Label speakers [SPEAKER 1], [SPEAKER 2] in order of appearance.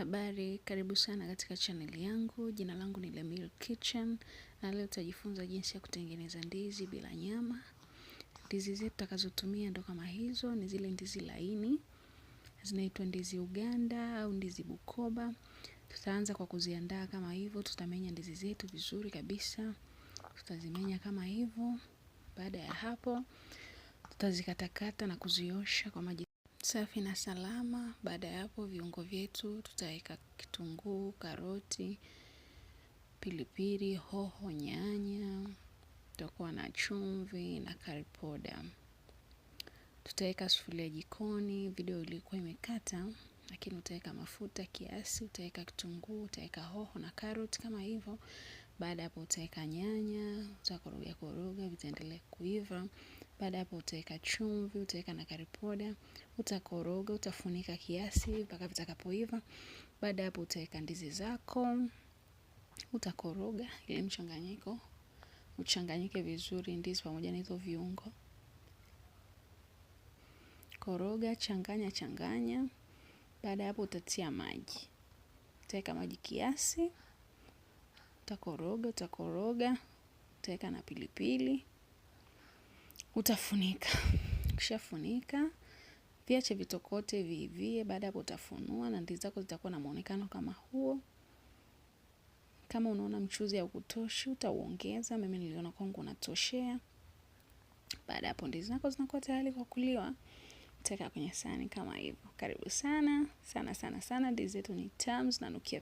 [SPEAKER 1] Habari, karibu sana katika chaneli yangu. Jina langu ni Lemil Kitchen na leo tutajifunza jinsi ya kutengeneza ndizi bila nyama. Ndizi zetu tutakazotumia ndo kama hizo, ni zile ndizi laini, zinaitwa ndizi Uganda au ndizi Bukoba. Tutaanza kwa kuziandaa kama hivyo. Tutamenya ndizi zetu vizuri kabisa, tutazimenya kama hivyo. Baada ya hapo, tutazikatakata na kuziosha kwa maji safi na salama. Baada ya hapo viungo vyetu tutaweka kitunguu, karoti, pilipili, hoho, nyanya, tutakuwa na chumvi na karipoda. Tutaweka sufuria jikoni. Video ilikuwa imekata, lakini utaweka mafuta kiasi, utaweka kitunguu, utaweka hoho na karoti kama hivyo. Baada hapo utaweka nyanya, utakoroga koroga, vitaendelea kuiva. Baada hapo utaweka chumvi, utaweka na karipoda, utakoroga, utafunika kiasi mpaka vitakapoiva. Baada hapo utaweka ndizi zako, utakoroga ile mchanganyiko uchanganyike vizuri, ndizi pamoja na hizo viungo. Koroga, changanya changanya. Baada hapo utatia maji, utaweka maji kiasi, utakoroga utakoroga, utaweka na pilipili Utafunika. Ukishafunika, viache vitokote vivie, baada hapo utafunua na ndizi zako zitakuwa na muonekano kama huo. Kama unaona mchuzi haukutoshi, utauongeza. Mimi niliona kwangu unatoshea. Baada hapo ndizi zako zinakuwa tayari kwa kuliwa. Utaweka kwenye sahani kama hivyo. Karibu sana, sana sana sana. Ndizi zetu ni tamu zinanukia.